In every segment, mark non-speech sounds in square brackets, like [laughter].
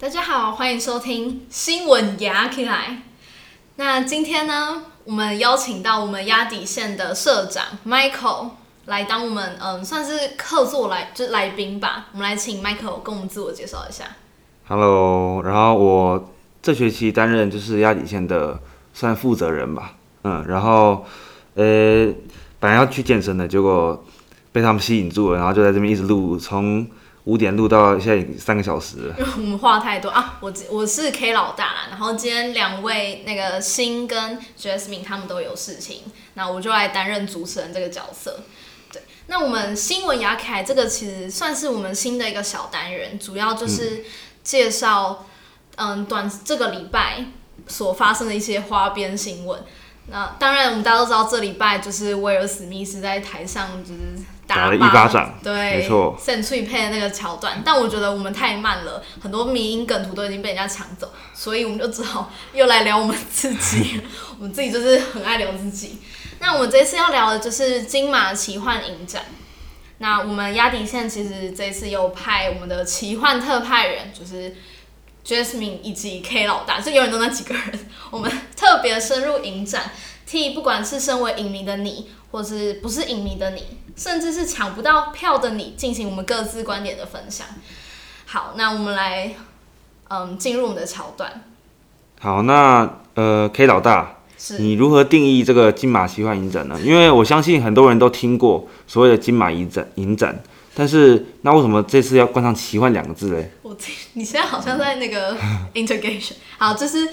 大家好，歡迎收聽新聞牙起來。那今天呢，我們邀請到我們壓底線的社長 Michael 來當我們嗯、呃、算是客座來就是、來賓吧。我們來請 Michael 跟我們自我介紹一下。Hello，然後我這學期擔任就是壓底線的算負責人吧。嗯，然後呃、欸、本來要去健身的，結果被他們吸引住了，然後就在這邊一直錄從，從五點錄到現在三個小時了，嗯，因為我們話太多啊！我我是 K 老大，然後今天兩位那個 Hsin 跟 Jasmine 他們都有事情，那我就來擔任主持人這個角色。對，那我們新聞牙起來這個其實算是我們新的一個小單元，主要就是介紹嗯，嗯短這個禮拜所發生的一些花邊新聞。那當然我們大家都知道，這禮拜就是威爾史密斯在台上就是。打了一巴掌，巴對，沒錯錯 Send Tweet 配的那個橋段。但我覺得我們太慢了，很多迷因梗圖都已經被人家搶走，所以我們就只好又來聊我們自己。 [laughs] 我們自己就是很愛聊自己。那我們這次要聊的就是《金馬奇幻影展》。那我們 Deadline 其實這次又派我們的奇幻特派員，就是 Jasmine 以及 K 老大，就永遠都那幾個人，我們特別深入影展。T，不管是身為影迷的你，或者不是影迷的你，甚至是搶不到票的你，進行我們各自觀點的分享。好，那我們來，嗯，進入我們的橋段。好，那呃，K 老大，是你如何定義這個金馬奇幻影展呢？因為我相信很多人都聽過所謂的金馬影展、影展，但是那為什麼這次要冠上奇幻兩個字呢？我聽，你現在好像在那個 integration。 [laughs] 好，這就是。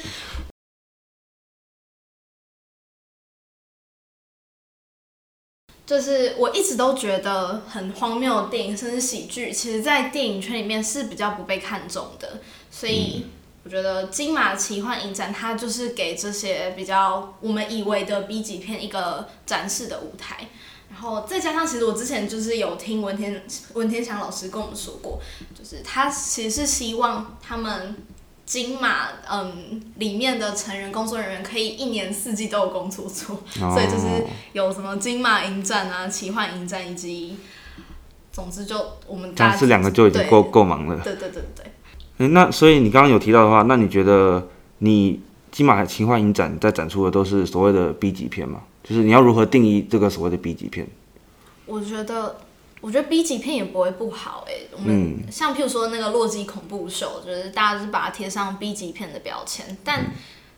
就是我一直都覺得很荒謬的電影，甚至喜劇，其實，在電影圈裡面是比較不被看重的。所以，我覺得金馬奇幻影展，它就是給這些比較我們以為的 B 級片一個展示的舞台。然後再加上，其實我之前就是有聽文天文天祥老師跟我們說過，就是他其實是希望他們。金馬嗯，裡面的成人工作人員可以一年四季都有工作做，哦、所以就是有什麼金馬影展啊、奇幻影展以及，總之就我們他是兩個就已經夠夠對忙了。對對對對。哎、欸，那所以你剛剛有提到的話，那你覺得你金馬奇幻影展在展出的都是所謂的 B 級片嗎？就是你要如何定義這個所謂的 B 級片？我覺得。我覺得 B 級片也不會不好，哎、欸，我們像譬如說那個《洛基恐怖秀》，就是大家是把它貼上 B 級片的標籤，但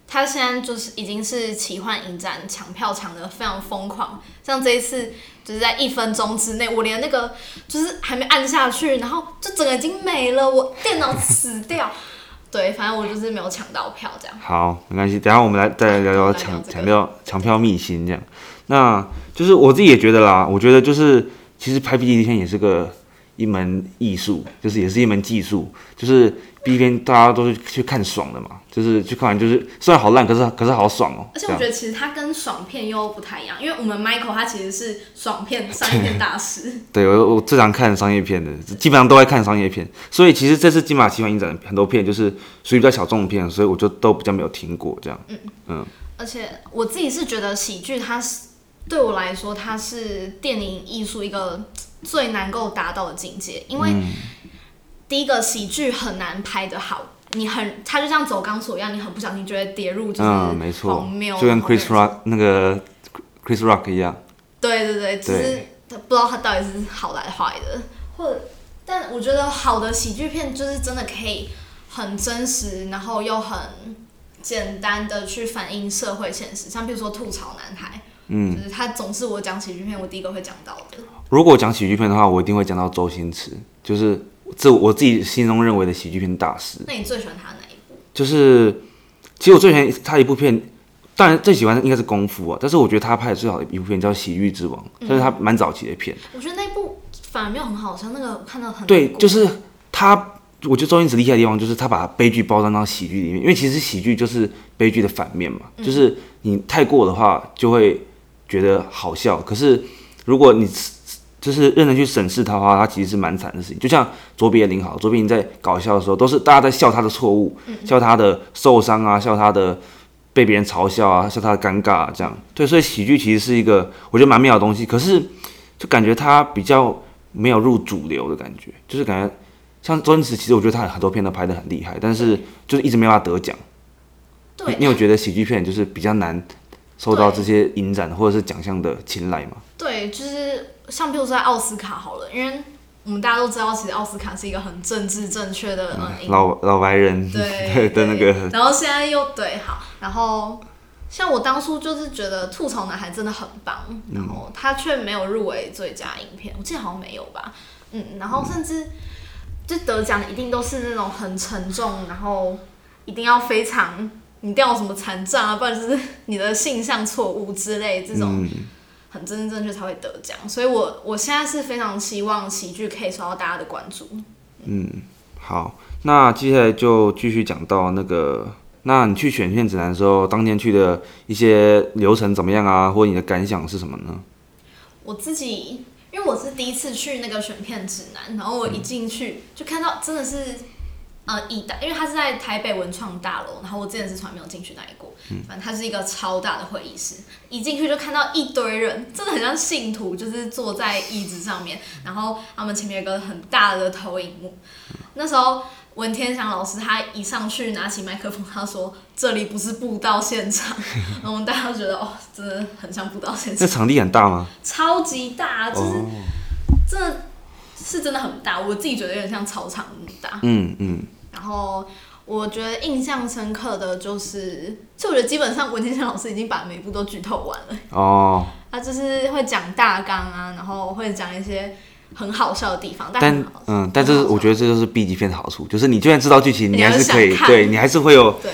它現在就是已經是奇幻影展搶票搶得非常瘋狂，像這一次就是在一分鐘之內，我連那個就是還沒按下去，然後就整個已經沒了，我電腦死掉。 [laughs] 對，反正我就是沒有搶到票這樣。好，沒關係，等一下我們來再來聊聊搶搶、啊這個、票搶票秘辛這樣。那就是我自己也覺得啦，我覺得就是。其實拍 B D 片也是個一門藝術，就是也是一門技術，就是 B D 片大家都是去看爽的嘛，就是去看完就是雖然好爛，可是可是好爽哦。而且我覺得其實它跟爽片又不太一樣，因為我們 Michael 他其實是爽片商業片大師。 [laughs] 對，我我最常看商業片的，基本上都在看商業片，所以其實這次金馬奇幻影展很多片就是屬於比較小眾的片，所以我就都比較沒有聽過這樣。嗯嗯。嗯而且我自己是覺得喜劇它是。對我來說，它是電影藝術一個最難夠達到的境界，因為、嗯、第一個喜劇很難拍得好，你很它就像走鋼索一樣，你很不小心就會跌入、就是。嗯、啊，沒錯，哦、沒就跟 Chris Rock 那個 Chris Rock 一樣。對對對，只是對不知道他到底是好來壞的，或但我覺得好的喜劇片就是真的可以很真實，然後又很簡單的去反映社會現實，像比如說吐槽男孩。嗯，就是他總是我講喜劇片，我第一個會講到的。如果講喜劇片的話，我一定會講到周星馳，就是這我自己心中認為的喜劇片大師。那你最喜歡他的哪一部？就是其實我最喜歡他一部片，當然最喜歡的應該是《功夫》啊。但是我覺得他拍的最好的一部片叫《喜劇之王》，嗯。但是他蠻早期的片。我覺得那部反而沒有很好，像那個看到很。對，就是他。我覺得周星馳厲害的地方就是他把悲劇包裝到喜劇裡面，因為其實喜劇就是悲劇的反面嘛。就是你太過的話，就會。覺得好笑，可是如果你就是認真去審視他的話，他其實是蠻慘的事情。就像卓別林，好，卓別林在搞笑的時候，都是大家在笑他的錯誤，笑他的受傷啊，笑他的被別人嘲笑啊，笑他的尷尬啊，這樣。對，所以喜劇其實是一個我覺得蠻妙的東西，可是就感覺他比較沒有入主流的感覺，就是感覺像周星馳，其實我覺得他很多片都拍得很厲害，但是就是一直沒有辦法得獎。對吧，你有覺得喜劇片就是比較難？受到這些影展或者是獎項的青睞嘛？對，就是像比如說在奧斯卡好了，因為我們大家都知道，其實奧斯卡是一個很政治正確的、嗯嗯，老老白人對 [laughs] 的那個對。然後現在又對好，然後像我當初就是覺得《兔嘲男孩》真的很棒，然後他卻沒有入圍最佳影片，我記得好像沒有吧？嗯，然後甚至、嗯、就得獎的一定都是那種很沉重，然後一定要非常。你掉什麼殘障啊，不然就是你的性向錯誤之類，這種、嗯、很真正確才會得獎。所以我，我我現在是非常期望喜劇可以受到大家的關注。嗯，嗯好，那接下來就繼續講到那個，那你去選片指南的時候，當天去的一些流程怎麼樣啊，或者你的感想是什麼呢？我自己因為我是第一次去那個選片指南，然後我一進去、嗯、就看到真的是。呃，以大，因為他是在台北文創大樓，然後我真的是從來沒有進去那裡過。嗯，反正他是一個超大的會議室，一進去就看到一堆人，真的很像信徒，就是坐在椅子上面，然後他們前面有一個很大的投影幕。那時候聞天祥老師他一上去拿起麥克風，他說：“這裡不是布道現場。”然後大家覺得哦，真的很像布道現場。這場地很大嗎？超級大，就是、哦、真的是真的很大，我自己覺得有點像操場那麼大。嗯嗯。嗯然後我覺得印象深刻的就是，就我覺得基本上聞天祥老師已經把每一部都劇透完了哦，他就是會講大綱啊，然後會講一些很好笑的地方，但，但嗯，但是我覺得這就是 B 級片的好處，就是你就算知道劇情，你還是可以，你看對你還是會有對，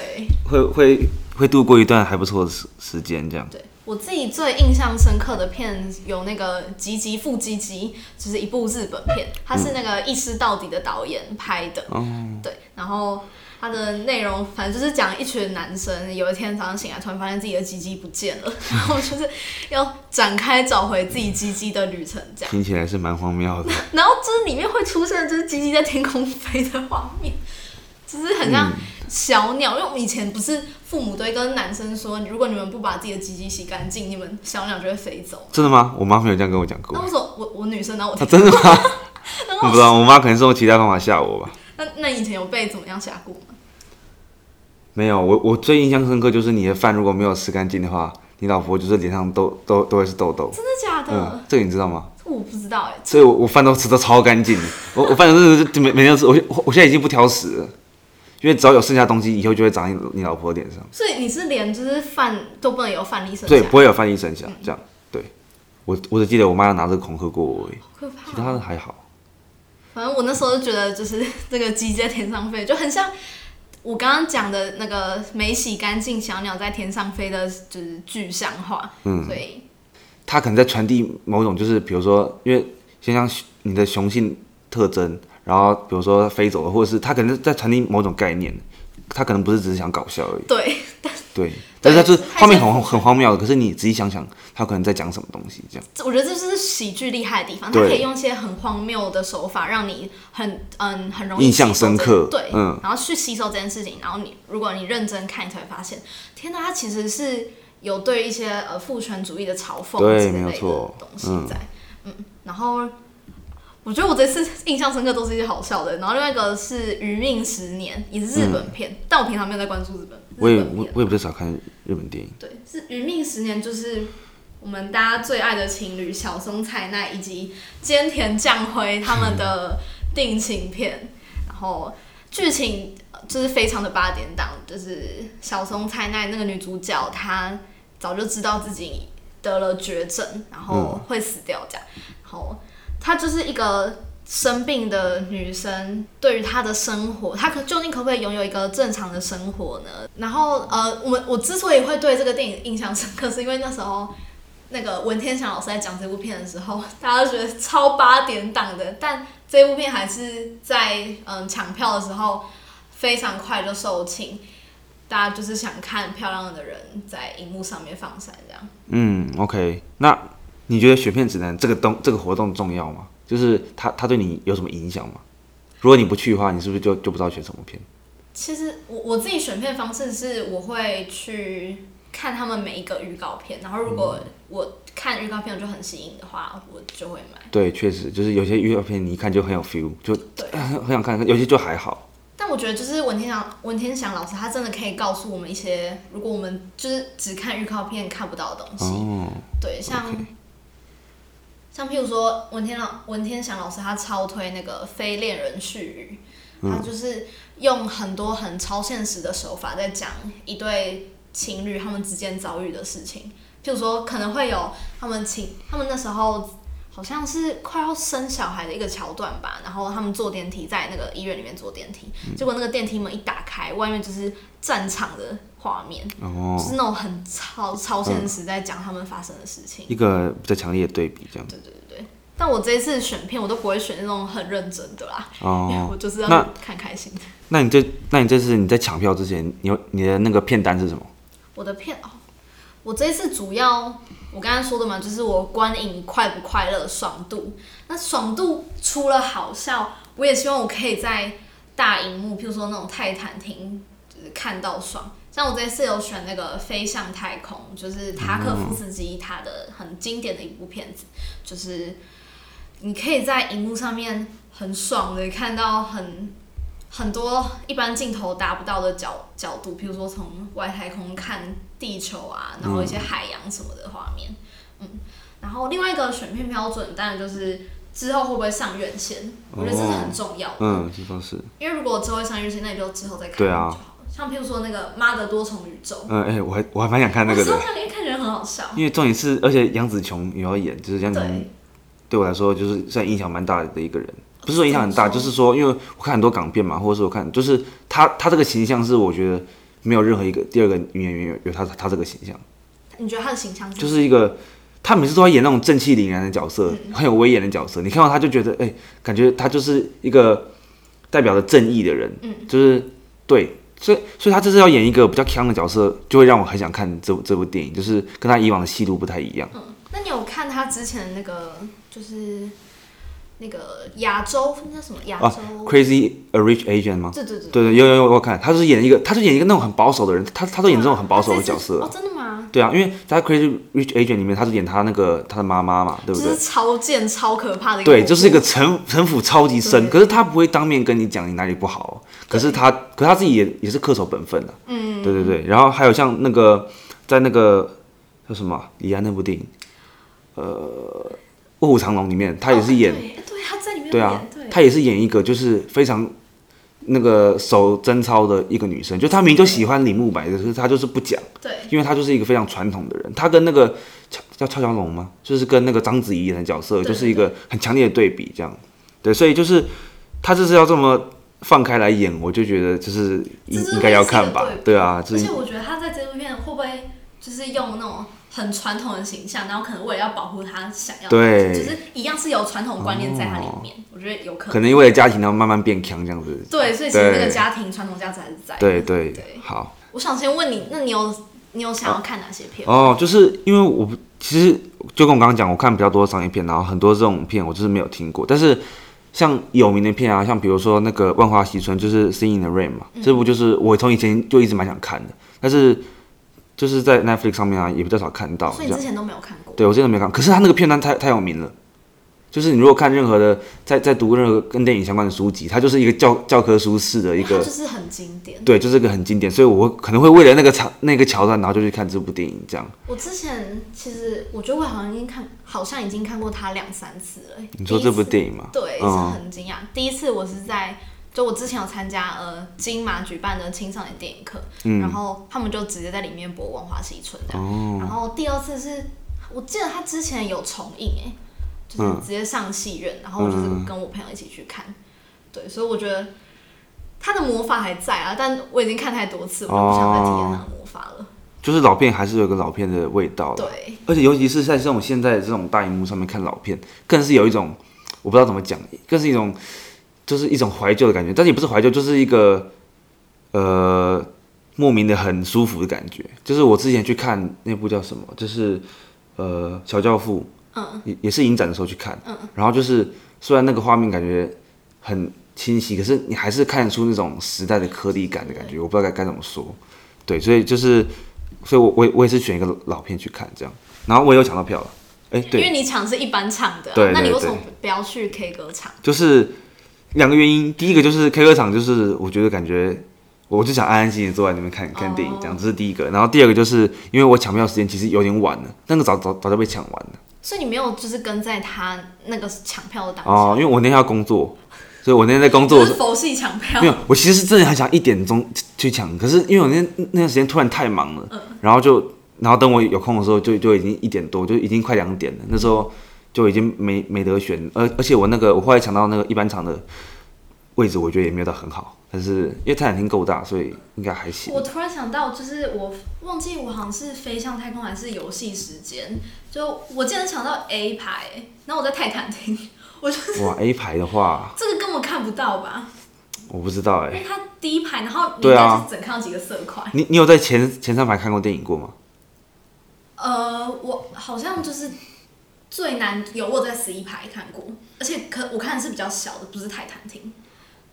會會會度過一段還不錯的時時間這樣。對。我自己最印象深刻的片有那個《雞雞復雞雞》，就是一部日本片，它是那個一屍到底的導演拍的，嗯，對。然後它的內容反正就是講一群男生有一天早上醒來，突然發現自己的雞雞不見了，然後就是要展開找回自己雞雞的旅程。這樣聽起來是蠻荒謬的然。然後就是裡面會出現就是雞雞在天空飛的畫面，就是很像小鳥，嗯、因為我們以前不是。父母都會跟男生說，如果你們不把自己的雞雞洗乾淨，你們小鳥就會飛走。真的嗎？我媽沒有這樣跟我講過。啊、我為什我我女生，然後我他、啊、真的嗎？我 [laughs] 是不知道，我媽可能是用其他方法嚇我吧。 [laughs] 那那以前有被怎麼樣嚇過嗎？沒有，我我最印象深刻就是你的飯如果沒有吃乾淨的話，你老婆就是臉上都都都會是痘痘。真的假的？嗯？這個你知道嗎？我不知道哎、欸。所以我我飯都吃得超乾淨的超乾淨，我我飯都是每每天吃，我我我現在已經不挑食。因為只要有剩下東西，以後就會砸你你老婆的臉上。所以你是連就是飯都不能有飯粒剩下？對，不會有飯粒剩下。嗯、這樣，對。我我只記得我媽要拿這個恐嚇過我，而已、好可怕啊。其他的還好。反正我那時候就覺得，就是這個雞在天上飛，就很像我剛剛講的那個沒洗乾淨小鳥在天上飛的，就是具象化。嗯。所以，嗯、他可能在傳遞某種，就是比如說，因為先講你的雄性特徵。然後，比如說飛走了，或者是他可能在傳遞某種概念，他可能不是只是想搞笑而已。對，對，但是，對但是他就是畫面很是很荒謬的，可是你仔細想想，他可能在講什麼東西？這樣，我覺得這就是喜劇厲害的地方，他對可以用一些很荒謬的手法，讓你很嗯，很容易印象深刻。對，嗯，然後去吸收這件事情。然後你如果你認真看，你才會發現，天哪，他其實是有對一些呃父權主義的嘲諷，對，類沒有錯，東西在，嗯，嗯，然後。我覺得我這次印象深刻都是一些好笑的，然後另外一個是《餘命十年》，也是日本片，嗯、但我平常沒有在關注日本。我也我也我也不太想看日本電影。對，是《餘命十年》，就是我們大家最愛的情侶小松菜奈以及菅田將暉他們的定情片，嗯、然後劇情就是非常的八點檔，就是小松菜奈那個女主角她早就知道自己得了絕症，然後會死掉這樣，嗯、然後。她就是一個生病的女生，對於她的生活，她可究竟可不可以擁有一個正常的生活呢？然後，呃，我我之所以會對這個電影印象深刻，是因為那時候那個文天祥老師在講這部片的時候，大家都覺得超八點檔的，但這部片還是在嗯、呃、搶票的時候非常快就售罄，大家就是想看漂亮的人在熒幕上面放閃這樣。嗯，OK，那。你覺得選片指南這個東這個活動重要嗎？就是他他對你有什麼影響嗎？如果你不去的話，你是不是就就不知道選什麼片？其實我我自己選片方式是我會去看他們每一個預告片，然後如果我看預告片我就很吸引的話，嗯、我就會買。對，確實就是有些預告片你一看就很有 feel，就對呵呵，很想看看。有些就還好。但我覺得就是文天祥文天祥老師他真的可以告訴我們一些，如果我們就是只看預告片看不到的東西。哦、對，像。Okay. 像譬如說，文天老文天祥老師，他超推那個《非戀人絮語》，他就是用很多很超現實的手法在講一對情侶他們之間遭遇的事情。譬如說，可能會有他們情，他們那時候好像是快要生小孩的一個橋段吧。然後他們坐電梯，在那個醫院裡面坐電梯，結果那個電梯門一打開，外面就是戰場的。畫面哦，哦，就是那種很超超現實，在講他們發生的事情，一個比較強烈的對比，這樣，對對對對，但我這一次選片，我都不會選那種很認真的啦，哦哦因為我就是要看開心的那，那你這，那你這次你在搶票之前，你你的那個片單是什麼？我的片哦，我這一次主要我剛剛說的嘛，就是我觀影快不快樂、爽度。那爽度除了好笑，我也希望我可以在大熒幕，譬如說那種泰坦廳就是看到爽。像我這次有選那個《飛向太空》，就是塔可夫斯基他的很經典的一部片子，嗯哦、就是你可以在熒幕上面很爽的看到很很多一般鏡頭達不到的角角度，譬如說從外太空看地球啊，然後一些海洋什麼的畫面，嗯，嗯。然後另外一個選片標準，當然就是之後會不會上院線，哦哦我覺得這是很重要的。嗯，這倒是。因為如果之後會上院線，那你就之後再看，對啊。像譬如說那個《媽的多重宇宙》，嗯，哎、欸，我還我還蠻想看那個的，我看因為看起來很好笑。因為重點是，而且楊紫瓊也要演，就是這樣子。對，對我來說，就是算印象蠻大的一個人。不是說印象很大，嗯、就是說，因為我看很多港片嘛，或者是我看，就是他他這個形象是我覺得沒有任何一個第二個女演員有有他他這個形象。你覺得他的形象是怎樣？就是一個，他每次都在演那種正氣凛然的角色，嗯、很有威嚴的角色。你看到他就覺得，哎、欸，感覺他就是一個代表着正義的人，嗯、就是對。所以，所以他這次要演一個比較強的角色，就會讓我很想看這部這部電影，就是跟他以往的戲路不太一樣。嗯，那你有看他之前的那個，就是那個亞洲那叫什麼亞洲、啊、，Crazy a Rich Asians 嗎？對對對，對對、嗯、有有有，我看他是演一個，他是演一個那種很保守的人，啊、他他都演這種很保守的角色。啊、哦，真的嗎？對啊，因為在《Crazy Rich Asians》裡面，他是演他那個他的媽媽嘛，對不對？超賤、超可怕的一個。對，就是一個城城府超級深，對可是他不會當面跟你講你哪裡不好，對可是他，可他自己也也是恪守本分的、啊。嗯，對對對。然後還有像那個在那個叫什麼李安那部電影，呃，《臥虎藏龍》裡面，他也是演，啊對，對，對，演對啊，他對也是演一個就是非常。那個守貞操的一個女生，就她明明就喜歡李慕白，的 Okay. 可是她就是不講，對，因為她就是一個非常傳統的人。她跟那個叫超小龍嗎？就是跟那個章子怡演的角色，對對對，就是一個很強烈的對比，這樣，對，所以就是她就是要這麼放開來演，我就覺得就是，就是應該要看吧，對，對啊，就是、而且我覺得她在這部片會不會就是用那種。很傳統的形象，然後可能為了要保護他，想要的對，就是一樣是有傳統觀念在他裡面。哦、我覺得有可能，可能因為家庭，要慢慢變強這樣子。對，對所以其實那個家庭傳統價值還是在對。對對對，好。我想先問你，那你有你有想要看哪些片？哦，就是因為我其實就跟我剛剛講，我看比較多商業片，然後很多這種片我就是沒有聽過。但是像有名的片啊，像比如說那個《萬花嬉春》，就是《Singing in the Rain》嘛，這部就是我從以前就一直蠻想看的，但是。就是在 Netflix 上面啊，也比較少看到。所以之前都沒有看過？對我真的沒有看。可是他那個片段太太有名了，就是你如果看任何的，在在讀任何跟電影相關的書籍，它就是一個教教科書式的一個。就是很經典。對，就是一個很經典，所以我可能會為了那個那個橋段，然後就去看這部電影這樣。我之前其實我覺得我好像已經看，好像已經看過它兩三次了。你說這部電影嗎？一對，嗯，是很驚訝。第一次我是在。就我之前有參加呃金馬舉辦的青少年電影課，嗯、然後他們就直接在裡面播《文化西村》這樣。哦、然後第二次是我記得他之前有重映，哎、欸，就是直接上戲院，嗯、然後我就是跟我朋友一起去看，嗯、對，所以我覺得他的魔法還在啊，但我已經看太多次，我不想再體驗他的魔法了、哦。就是老片還是有個老片的味道，對，而且尤其是在這種現在的這種大熒幕上面看老片，更是有一種我不知道怎麼講，更是一種。就是一種懷舊的感覺，但也不是懷舊，就是一個，呃，莫名的很舒服的感覺。就是我之前去看那部叫什麼，就是，呃，《小教父》，嗯嗯，也也是影展的時候去看，嗯嗯，然後就是雖然那個畫面感覺很清晰，可是你還是看出那種時代的顆粒感的感覺。對，我不知道該該怎麼說，對，所以就是，所以我我我也是選一個老片去看這樣，然後我也有搶到票了，哎，對，因為你搶是一般場的啊，對對對，那你為什麼不要去 K 歌場？就是。兩個原因，第一個就是 K 歌場，就是我覺得感覺，我就想安安心心坐在那邊看、oh. 看電影，這樣這、就是第一個。然後第二個就是，因為我搶票時間其實有點晚了，那個早早早就被搶完了。所以你沒有就是跟在他那個搶票的打算哦，oh, 因為我那天要工作，所以我那天在工作時否是搶票？沒有，我其實是真的很想一點鐘去搶，可是因為我那天那段、個、時間突然太忙了，嗯、然後就然後等我有空的時候就，就就已經一點多，就已經快兩點了，那時候。嗯就已經沒沒得選，而而且我那個我後來搶到那個一般場的位置，我覺得也沒有到很好，但是因為泰坦廳夠大，所以應該還行。我突然想到，就是我忘記我好像是飛向太空還是遊戲時間，就我竟然搶到 A 排，然後我在泰坦廳，我就是哇 A 排的話，這個根本看不到吧？我不知道哎、欸，他它第一排，然後應該是整看到幾個色塊。啊、你你有在前前三排看過電影過嗎？呃，我好像就是。最難有我有在十一排看過，而且可我看的是比較小的，不是泰坦廳。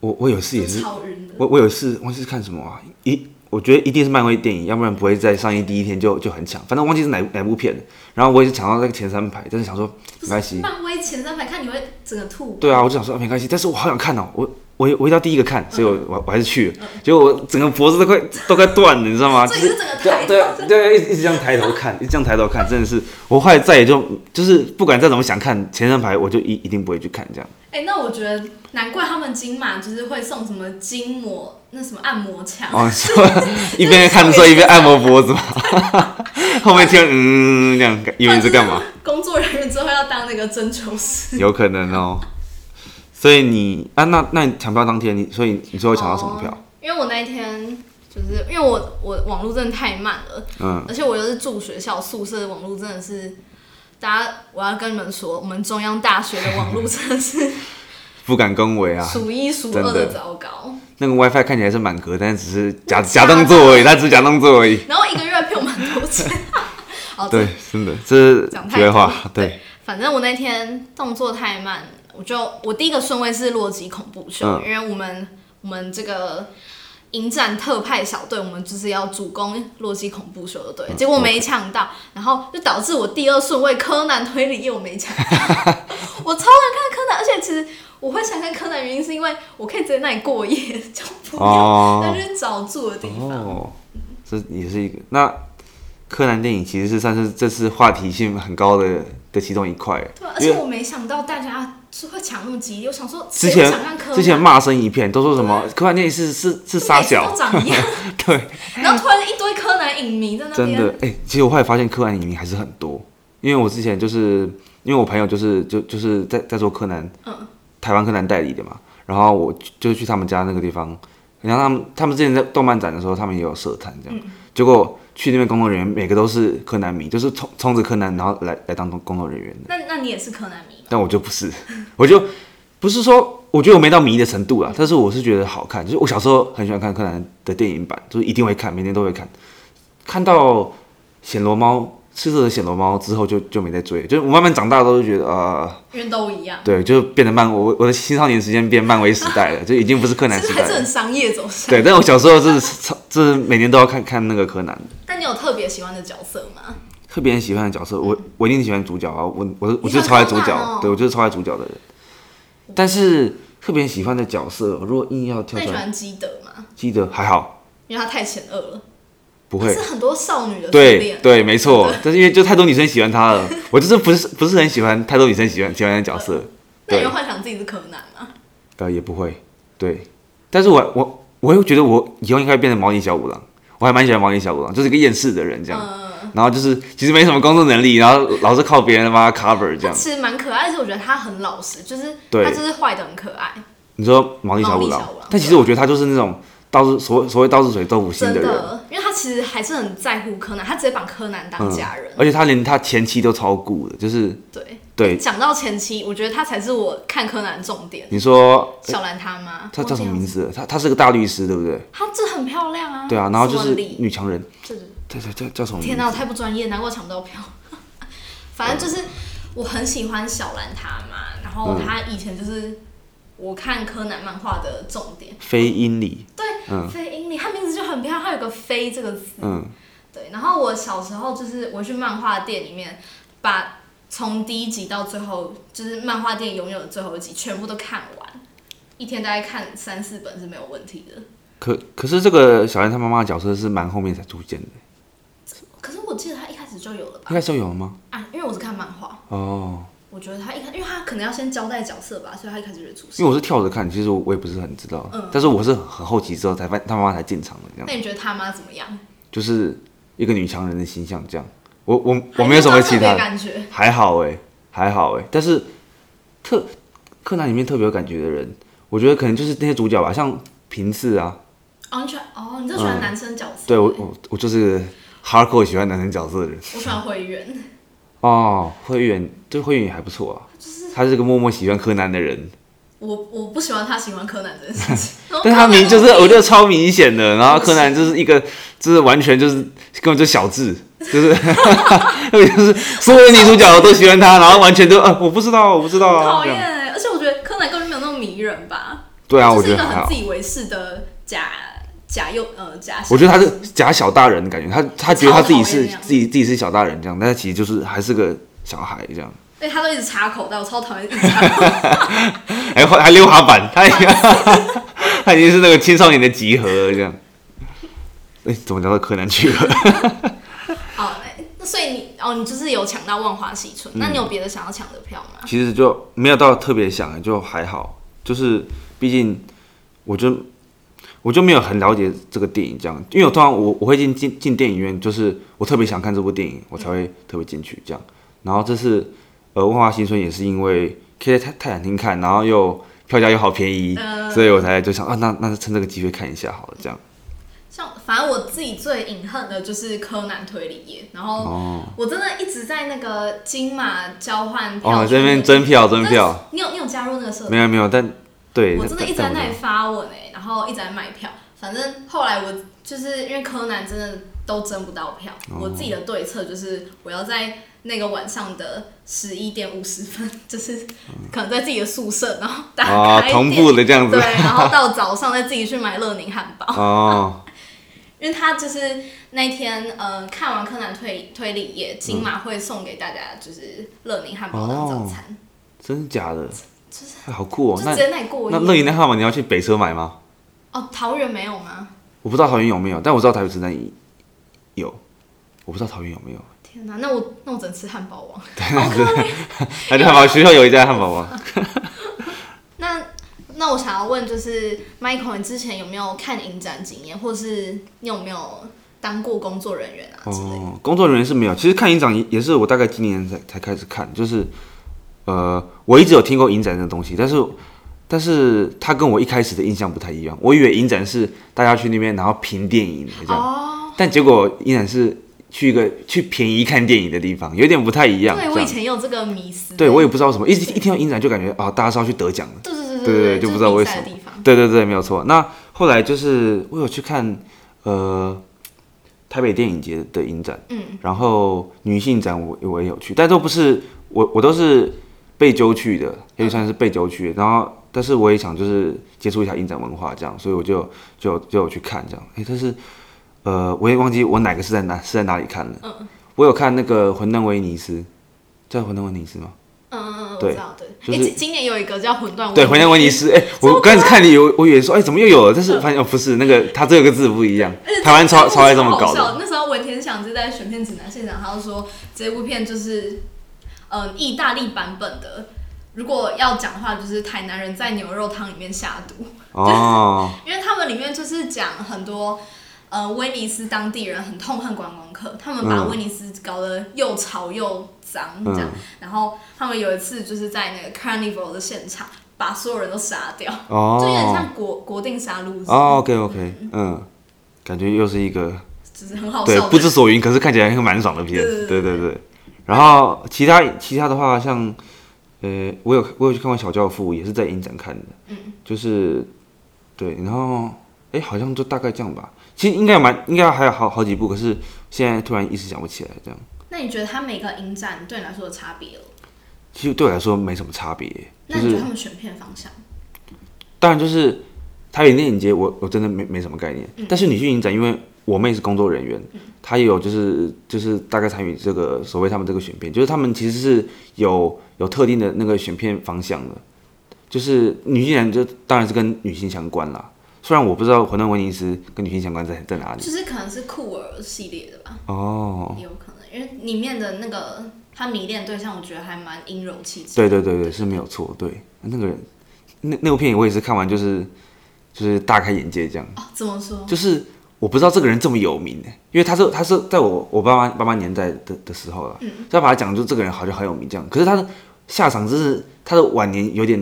我我有一次也是超暈的。我我有一次忘記是看什麼啊？一我覺得一定是漫威電影，要不然不會在上映第一天就就很搶。反正我忘記是哪哪部片了。然後我也是搶到那個前三排，但是想說沒關係，漫威前三排看你會整個吐。對啊，我就想說沒關係，但是我好想看哦，我。我我一到第一個看，所以我、嗯、我還是去、嗯、結果我整個脖子都快、嗯、都快斷了，你知道嗎？是就是對對、啊、對， [laughs] 一直這樣抬頭看，這樣抬頭看，真的是我後來再也就就是不管再怎麼想看前三排我，我就一一定不會去看這樣。哎、欸，那我覺得難怪他們金馬就是會送什麼筋膜那什麼按摩槍，一邊看的時候一邊按摩脖子嘛。 [laughs] 後面聽嗯這樣，以為你在幹嘛？工作人員之後要當那個針灸師？有可能哦。所以你啊，那那你搶票當天，你所以你最後搶到什麼票？哦，因為我那一天就是因為我我網絡真的太慢了，嗯，而且我又是住學校宿舍的網絡，真的是，大家我要跟你們說，我們中央大學的網絡真的是 [laughs] 不敢恭維啊，數一數二的糟糕。那個 WiFi 看起來是滿格的，但只是假假動作而已，它只是假動作而已。 [laughs] 然後一個月騙我蠻多錢，哦 [laughs] 的對，真的這是講太多話對。對對反正我那天動作太慢了。我就我第一個順位是洛基恐怖秀，嗯、因為我們我們這個影戰特派小隊，我們就是要主攻洛基恐怖秀的隊，嗯、結果沒搶到，嗯 okay、然後就導致我第二順位柯南推理又沒搶， [laughs] [laughs] 我超難看柯南，而且其實我會想看柯南，原因是因為我可以在那裡過夜，就不用再去找住的地方、哦哦，這也是一個。那柯南電影其實是算是這次話題性很高的。的其中一塊，對，而且我沒想到大家是會搶那麼激烈，為我想說，想之前之前罵聲一片，都說什麼對柯南電影是是殺小 [laughs] 對， [laughs] 然後突然一堆柯南影迷在那邊，真的，哎、欸，其實我後來發現柯南影迷還是很多，因為我之前就是因為我朋友就是就就是在在做柯南，嗯，台灣柯南代理的嘛，然後我就去他們家那個地方。然後他們，他們之前在動漫展的時候，他們也有社團這樣，嗯、結果去那邊工作人員每個都是柯南迷，就是衝衝着柯南然後來來當工作人員的。那那你也是柯南迷？但我就不是，我就不是說我覺得我沒到迷的程度啊，嗯、但是我是覺得好看，就是我小時候很喜歡看柯南的電影版，就是一定會看，每天都會看，看到暹羅貓。赤色的暹羅貓之後就就沒再追，就是我慢慢長大都是覺得啊，呃、人都一樣，對，就變得漫，我我的青少年時間變漫威時代了， [laughs] 就已經不是柯南時代了，還是很商業走向。對，但我小時候，就是 [laughs] 超，就是每年都要看看那個柯南。但你有特別喜歡的角色嗎？特別喜歡的角色，我我一定喜歡主角啊，我我我就是超愛主角，哦、對我就是超愛主角的人。我但是特別喜歡的角色，如果硬要跳出來，喜歡基德嘛？基德還好，因為他太邪惡了。不會是很多少女的、啊、對對，沒錯，對但是因為就太多女生喜歡他了。我就是不是不是很喜歡太多女生喜歡喜歡的角色。對對那你會幻想自己是柯南嗎？呃，也不會，對。但是我我我又覺得我以後應該變成毛利小五郎。我還蠻喜歡毛利小五郎，就是一個厭世的人這樣。嗯，然後就是其實沒什麼工作能力，然後老是靠別人幫他 cover 這樣。其實蠻可愛，但是我覺得他很老實，就是他就是壞得很可愛。對你說毛利小五郎，但其實我覺得他就是那種。倒是所謂所謂倒是誰都不信的人，因為他其實還是很在乎柯南，他直接把柯南當家人，而且他連他前妻都超顧的，就是對對。講到前妻，我覺得他才是我看柯南重點。你說小蘭他媽，他叫什麼名字？他他是個大律師，對不對？他真的很漂亮啊。對啊，然後就是女強人，對對對，叫什麼？天哪，太不專業，難怪搶不到票。反正就是我很喜歡小蘭他媽，然後他以前就是我看柯南漫畫的重點，妃英理。飛鷹里，嗯、他名字就很漂亮，他有個“飛”這個字。嗯，對。然後我小時候就是，我去漫畫店裡面，把從第一集到最後，就是漫畫店擁有的最後一集，全部都看完。一天大概看三四本是沒有問題的。可可是，這個小燕她媽媽的角色是蠻後面才出現的。可是我記得他一開始就有了吧？一開始就有了嗎？啊，因為我是看漫畫。哦。我覺得他一開，因為他可能要先交代角色吧，所以他一開始就是主。因為我是跳着看，其實我也不是很知道。嗯。但是我是很好奇，之後才他媽媽才進場的這樣。那你覺得他媽怎麼樣？就是一個女強人的形象這樣。我我還 我沒有什麼其他的感覺。還好哎、欸，還好哎、欸。但是，柯，柯南裡面特別有感覺的人，我覺得可能就是那些主角吧，像平次啊。哦，你哦，你喜歡男生角色、欸嗯？對，我我,我就是哈克，喜歡男生角色的人。我喜歡灰原。哦，會員對會員也還不錯啊。就是他是個默默喜歡柯南的人。我我不喜歡他喜歡柯南這件事情。但他明就是，我覺得超明顯的。然後柯南就是一個，就是完全就是根本就小智，就是就是所有的女主角都喜歡他，然後完全就呃我不知道，我不知道啊。討厭，而且我覺得柯南根本沒有那麼迷人吧。對啊，我覺得很自以為是的假。假幼，呃假，我覺得他是假小大人的感覺，他他覺得他自己是自己自己是小大人這樣，但他其實就是還是個小孩這樣。對，他都一直插口袋，我超討厭。 [laughs] 還還溜滑板，他 [laughs] [laughs] 他已經是那個青少年的集合了這樣。哎、欸，怎麼聊到柯南去了？好、 [laughs] 哦，那所以你哦，你就是有搶到《萬花嬉春》？那你有別的想要搶的票嗎？其實就沒有到特別想，就還好，就是畢竟我覺得。我就沒有很了解這個電影，這樣，因為我突然我我會進進進電影院，就是我特別想看這部電影，我才會特別進去這樣。然後這次呃《萬華新村》，也是因為可以在泰泰坦廳看，然後又票價又好便宜，呃、所以我才就想啊，那那就趁這個機會看一下好了這樣。像反而我自己最隱恨的就是柯南推理耶，然後我真的一直在那個金馬交換哦，這邊徵票徵票，你有你有加入那個社團嗎？沒有沒有，但對，我真的一直在那裡發文哎。然後一直在買票，反正後來我就是因為柯南真的都爭不到票。哦、我自己的對策就是，我要在那個晚上的十一點五十分，就是可能在自己的宿舍，然後打開、哦、同步的這樣子，對，然後到早上再自己去買樂寧漢堡。哦，因為他就是那天呃看完柯南推推理，也金馬會送給大家就是樂寧漢堡的早餐，哦、真的假的？真的、就是哎，好酷哦！那那樂寧那漢堡你要去北車買嗎？哦，桃園沒有嗎？我不知道桃園有沒有，但我知道台北車站有。我不知道桃園有沒有。天哪，那我那我只能吃漢堡王，OK？而且漢堡學校有一家漢堡王。 [laughs] [laughs] 那那我想要問，就是 Michael，你之前有沒有看影展經驗，或是你有沒有當過工作人員啊？哦，工作人員是沒有。嗯、其實看影展也是我大概今年才才開始看，就是呃，我一直有聽過影展那東西，但是。但是他跟我一開始的印象不太一樣，我以為影展是大家去那邊然後評電影這樣，但結果影展是去一個去便宜看電影的地方，有點不太一樣。對我以前有這個迷思，對我也不知道為什麼，一一聽到影展就感覺啊，大家是要去得獎的，對對對對就不知道為什麼。對對對，沒有錯。那後來就是我有去看呃台北電影節的影展，嗯，然後女性展我我也有去，但都不是我我都是被揪去的，也算是被揪去的，然後。但是我也想就是接觸一下影展文化，這樣，所以我就就就去看這樣。哎、欸，但是呃，我也忘記我哪個是在哪是在哪裡看了。嗯、我有看那個《混蛋威尼斯》，在《混蛋威尼斯》嗎？嗯嗯嗯，嗯對我知道對、就是欸、今年有一個叫《魂斷威尼斯》。對，《混蛋威尼斯》哎、欸，我剛開始看你有，我以為說哎、欸，怎麼又有了？但是發現、嗯、哦，不是那個，它這個字不一樣。且台灣超超愛這麼搞。那時候聞天祥就在選片指南現場，他就說這部片就是意、呃、大利版本的。如果要講話，就是台南人在牛肉湯裡面下毒。哦、就是，oh. 因為他們裡面就是講很多，呃，威尼斯當地人很痛恨觀光客，他們把威尼斯搞得又潮又髒、嗯、這樣。然後他們有一次就是在那個 Carnival 的現場把所有人都殺掉。哦，oh. 就有點像國國定殺戮。哦、oh, OK OK，嗯，感覺又是一個就是很好笑，不知所云，可是看起來還蠻爽的片子。 [laughs] 是對對對，然後其他其他的話像。呃，我有我有去看完《小教父》，也是在影展看的，嗯、就是對，然後哎，好像就大概這樣吧。其實應該有蠻，應該還有好好幾部，可是現在突然一時想不起來這樣。那你覺得他每個影展對你來說的差別？其實對我來說沒什麼差別。就是、那你覺得他們選片方向？當然，就是台北電影節我，我我真的沒沒什麼概念。嗯、但是你去影展，因為。我妹是工作人員，她也有就是就是大概參與這個所謂他們這個選片，就是他們其實是有有特定的那個選片方向的，就是女藝人就當然是跟女性相關啦。雖然我不知道《魂斷威尼斯》跟女性相關在在哪裡，就是可能是酷兒系列的吧。哦，也有可能，因為裡面的那個他迷戀對象，我覺得還蠻陰柔氣質。對對對對，是沒有錯。對，那個人那那部、個、片我也是看完，就是就是大開眼界這樣。哦，怎麼說？就是。我不知道這個人這麼有名誒、欸，因為他是他是在我我爸媽爸媽年代的的時候了、啊，他，嗯、把他講就這個人好像很有名這樣，可是他的下場就是他的晚年有點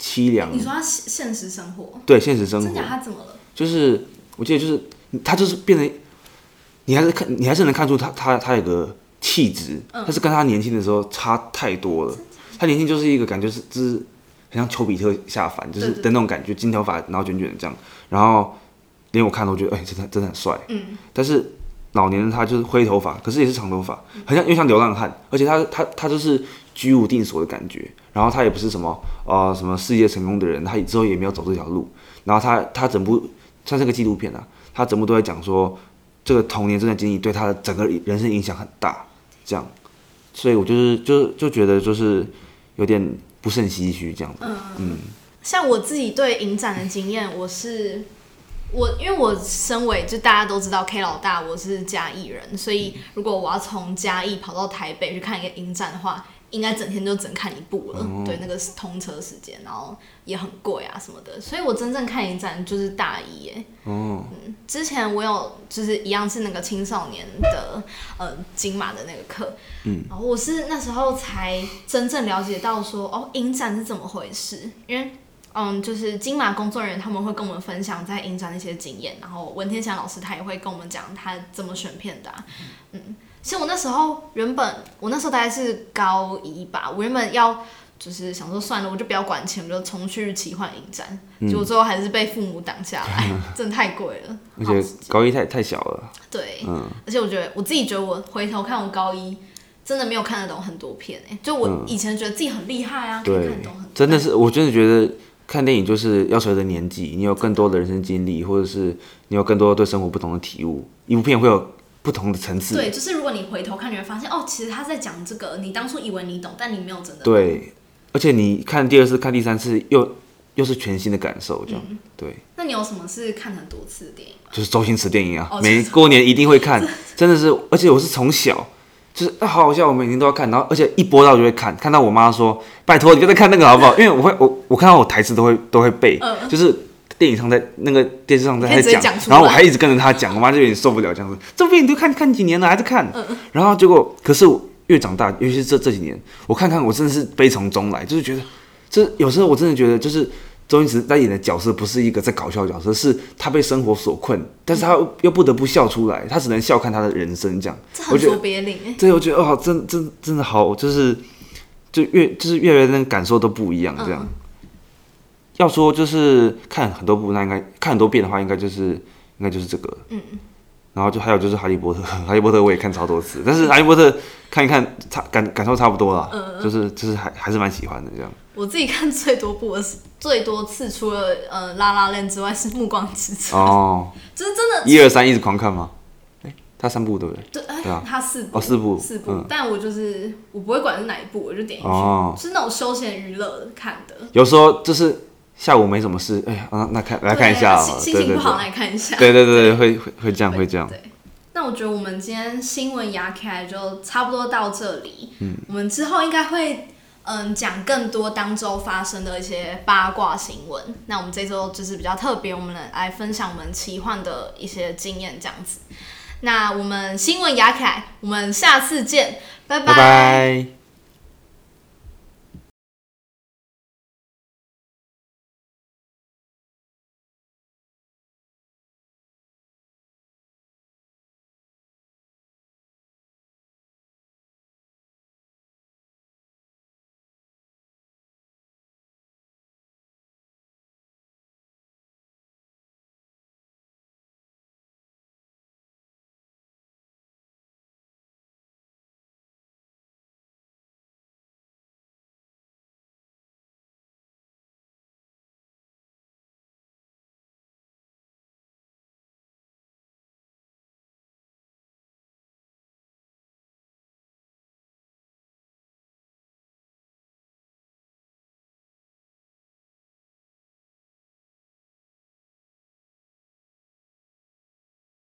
淒涼、欸。你說他現實生活？對，現實生活。講他怎麼了？就是我記得就是他就是變成，你還是看你還是能看出他他他有個氣質，嗯、但是跟他年輕的時候差太多了。他年輕就是一個感覺是，、就是，、就是，、很像丘比特下凡，就是的那種感覺，對對對金頭髮，然後卷卷的這樣，然後。連我看了都覺得，哎、欸，真的真的很帥。嗯。但是老年人他就是灰頭髮，可是也是長頭髮，很像，又像流浪漢。而且他他他就是居無定所的感覺。然後他也不是什麼呃什麼事業成功的人，他以之後也沒有走這條路。然後他他整部算是個紀錄片啊，他整部都在講說，這個童年真的經歷對他的整個人生影響很大。這樣，所以我就是就就覺得就是有點不勝唏噓這樣嗯嗯。嗯，像我自己對影展的經驗，我是。我因為我身為就大家都知道 K 老大，我是嘉義人，所以如果我要從嘉義跑到台北去看一個影展的話，應該整天就只看一部了。哦哦對，那個通車時間，然後也很貴啊什麼的，所以我真正看影展就是大一耶。哦、嗯，之前我有就是一樣是那個青少年的呃金馬的那個課，嗯、然後我是那時候才真正了解到說哦影展是怎麼回事，因為，嗯，就是金馬工作人員他們會跟我們分享在影展那些經驗，然後文天祥老師他也會跟我們講他怎麼選片的、啊。嗯，嗯，其實我那時候原本我那時候大概是高一吧，我原本要就是想說算了，我就不要管錢，我就重去奇幻影展，嗯、結果最後還是被父母擋下來，了真的太貴了。而且高一太太小了。對，嗯。而且我覺得我自己覺得我回頭看我高一，真的沒有看得懂很多片誒、欸，就我以前覺得自己很厲害啊，可以對看懂很多。真的是，我真的覺得。看電影就是要隨着年紀，你有更多的人生經歷，或者是你有更多對生活不同的體悟，一部片會有不同的層次。對，就是如果你回頭看，你會發現哦，其實他在講這個，你當初以為你懂，但你沒有真的懂。對，而且你看第二次、看第三次，又又是全新的感受，這樣、嗯、對。那你有什麼是看很多次的電影？就是周星馳電影啊，哦、每過年一定會看， [laughs] 是的真的是，而且我是從小。就是啊，好好笑，我每天都要看，然後而且一播到就會看，看到我媽說：“拜託，你就在看那個好不好？”因為我會，我我看到我台詞都會都會背，嗯、就是電影上在那個電視上在在講，然後我還一直跟着他講，嗯、我媽就有點受不了這樣子，這部電影都看看幾年了，還在看，嗯、然後結果可是我越長大，尤其是這這幾年，我看看我真的是悲從中來，就是覺得這、就是、有時候我真的覺得就是。周星馳在演的角色不是一個在搞笑的角色，是他被生活所困，但是他又不得不笑出來，他只能笑看他的人生這樣。這我覺得彆扭。欸、對，我覺得、哦、真真真的好，就是就越就是越來越那個感受都不一樣這樣。嗯、要說就是看很多部，那應該看很多遍的話，應該就是應該就是這個。嗯嗯。然後就還有就是哈利波特《哈利波特》，《哈利波特》我也看超多次，但是《哈利波特》看一看，差感感受差不多了，嗯呃就是，就是就是還還是蠻喜歡的這樣。我自己看最多部是最多次，除了呃《La La Land》之外，是《暮光之城》哦，就是真的。一二三，一直狂看嗎？欸、他三部對不對？對，呃對啊、他四部哦，四部四部。嗯、但我就是我不會管是哪一部，我就點進去，哦、是那種休閒娛樂看的，有時候就是。下午沒什麼事，哎呀，嗯、啊，那看，啊、來看一下啊，心情不好來看一下，對對對會會會這樣對對對會這樣對對對。那我覺得我們今天新聞雅凱就差不多到這裡，嗯，我們之後應該會嗯、講更多當周發生的一些八卦新聞。那我們這周就是比較特別，我們來分享我們奇幻的一些經驗這樣子。那我們新聞雅凱，我們下次見，拜拜。拜拜。